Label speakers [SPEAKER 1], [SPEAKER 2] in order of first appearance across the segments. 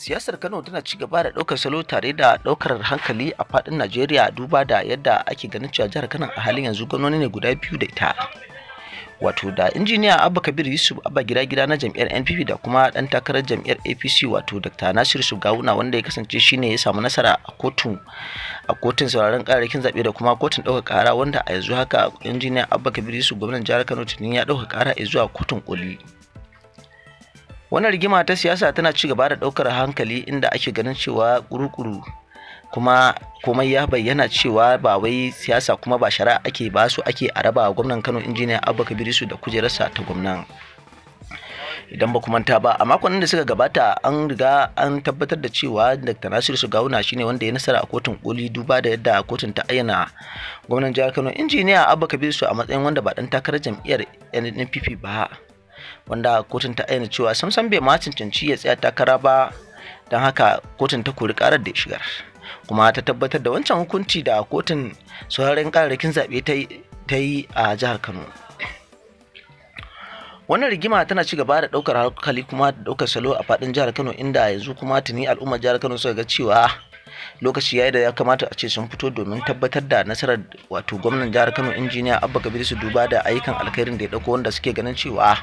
[SPEAKER 1] siyasar kano tana ci gaba da ɗaukar salo tare da ɗaukar hankali a faɗin najeriya duba da yadda ake ganin cewa jihar kano a halin yanzu gwamnoni ne guda biyu da ita wato da injiniya abba kabir yusuf abba gira gida na jam'iyyar npp da kuma dan takarar jam'iyyar apc wato dr Nasiru Sugawuna wanda ya kasance shine ya samu nasara a kotun a kotun sauraron kararrakin zaɓe da kuma kotun ɗaukar ƙara wanda a yanzu haka injiniya abba kabir yusuf gwamnan jihar kano tuni ya ɗaukar ƙara zuwa kotun koli wannan rigima ta siyasa tana ci gaba da ɗaukar hankali inda ake ganin cewa kurukuru kuma komai ya bayyana cewa ba wai siyasa kuma ba shari'a ake ba su ake araba gwamnan kano injiniya abba su da kujerarsa ta gwamnan idan ba kuma ta ba a makon da suka gabata an riga an tabbatar da cewa dr su gauna shine wanda ya nasara a kotun koli duba da yadda kotun ta ayyana gwamnan jihar kano injiniya abba su a matsayin wanda ba dan takarar jam'iyyar NNPP ba wanda kotun ta aina cewa samsam bai ma cancanci ya tsaya takara ba don haka kotun ta kori karar da ya shigar kuma ta tabbatar da wancan hukunci da kotun sauraren kararrakin zaɓe ta yi a jihar kano wannan rigima tana ci gaba da ɗaukar hankali kuma da ɗaukar salo a faɗin jihar kano inda yanzu kuma tuni al'ummar jihar kano suka ga cewa lokaci yayi da ya kamata a ce sun fito domin tabbatar da nasarar wato gwamnan jihar kano injiniya abba kabiru su duba da ayyukan alkhairin da ya ɗauko wanda suke ganin cewa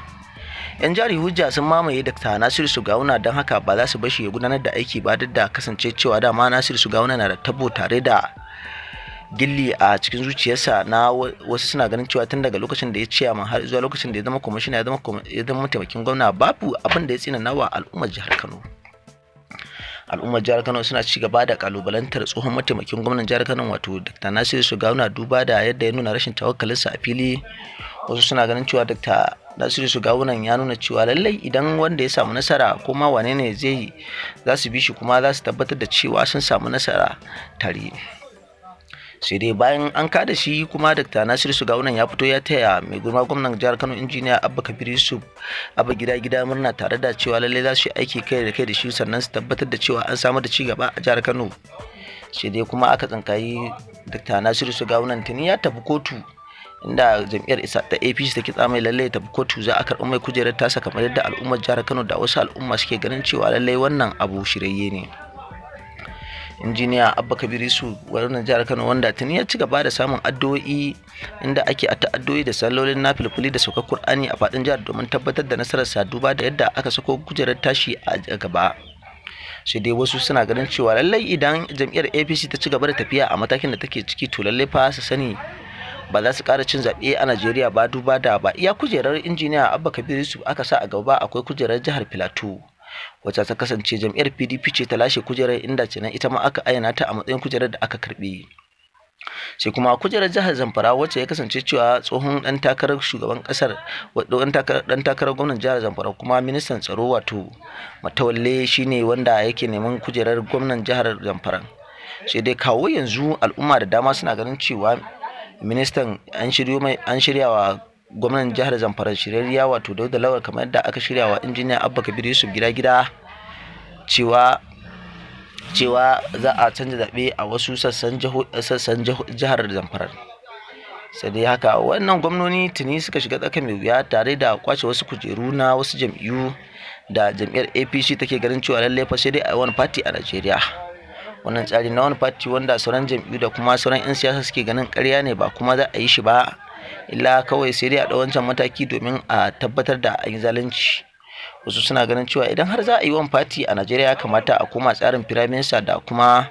[SPEAKER 1] yan jari hujja sun mamaye dakta nasiru sugawuna don haka ba za su bashi ya gudanar da aiki ba duk da kasance cewa dama nasiru sugawuna na da tabo tare da gilli a cikin zuciyarsa na wasu suna ganin cewa tun daga lokacin da ya ce amma har zuwa lokacin da ya zama kwamishina ya zama ya zama mataimakin gwamna babu abin da ya tsina nawa al'ummar jihar Kano al'ummar jihar Kano suna ci gaba da kalubalantar tsohon mataimakin gwamnan jihar Kano wato Dr. Nasiru sugauna duba da yadda ya nuna rashin tawakkalinsa a fili wasu suna ganin cewa Dr. nasiru su gawunan ya nuna cewa lallai idan wanda ya samu nasara kuma wane ne zai za su bi shi kuma za su tabbatar da cewa sun samu nasara tare sai dai bayan an da shi kuma dr nasiru Gawunan ya fito ya taya mai gurma gwamnan jihar kano injiniya abba kabir yusuf abba gida gida murna tare da cewa lallai za su yi aiki kai da kai da shi sannan su tabbatar da cewa an samar da cigaba a jihar kano sai dai kuma aka tsinkayi dr nasiru Gawunan tuni ya tafi kotu inda jam'iyyar isa ta apc take tsamai lallai ta kotu za a karɓi mai kujerar tasa kamar yadda al'ummar jihar kano da wasu al'umma suke ganin cewa lallai wannan abu shirayye ne injiniya abba Kabirisu, su wannan jihar kano wanda tuni ya ci gaba da samun addu'o'i inda ake a ta'addo'i da sallolin na filfili da saukar kur'ani a faɗin jihar domin tabbatar da nasarar sa duba da yadda aka sako kujerar tashi a gaba sai dai wasu suna ganin cewa lallai idan jam'iyyar apc ta ci gaba da tafiya a matakin da take ciki to lallai fa su sani ba za su ƙara cin zaɓe a Najeriya ba duba da ba iya kujerar injiniya Abba Kabir Yusuf aka sa a gaba akwai kujerar jihar Filato wacce ta kasance jam'iyyar PDP ce ta lashe kujerar inda nan ita ma aka ayyana ta a matsayin kujerar da aka karɓe. sai kuma kujerar jihar zamfara wacce ya kasance cewa tsohon dan takarar shugaban kasar dan takarar gwamnan jihar zamfara kuma ministan tsaro wato matawalle shine wanda yake neman kujerar gwamnan jihar zamfara sai dai kawo yanzu al'umma da dama suna ganin cewa ministan an shirya wa gwamnan jihar zamfara shirarriya wato da lawar kamar yadda aka shirya wa injiniya abba kabir yusuf gida gida cewa za a canza zaɓe a wasu sassan jihar zamfara sai dai haka wannan gwamnoni tuni suka shiga tsakan mai wuya tare da kwace wasu kujeru na wasu jam'iyyu da jam'iyyar apc take ganin cewa lallai fa sai dai a wani fati a najeriya wannan tsari na wani fati wanda sauran jam'iyyu da kuma sauran 'yan siyasa suke ganin karya ne ba kuma za a yi shi ba illa kawai sai dai a ɗau wancan mataki domin a tabbatar da an yi zalunci wasu suna ganin cewa idan har za a yi wani fati a najeriya ya kamata a koma tsarin firaminista da kuma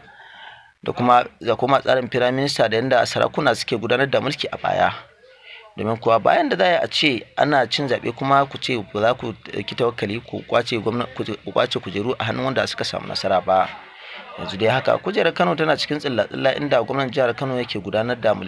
[SPEAKER 1] da kuma da kuma tsarin firaminista da yadda sarakuna suke gudanar da mulki a baya domin kuwa bayan da za a ce ana cin zaɓe kuma ku ce ba za ku ɗauki tawakkali ku kwace kujeru a hannun wanda suka samu nasara ba yanzu dai haka kujerar kano tana cikin tsilla-tsilla inda gwamnan jihar kano yake gudanar da mulki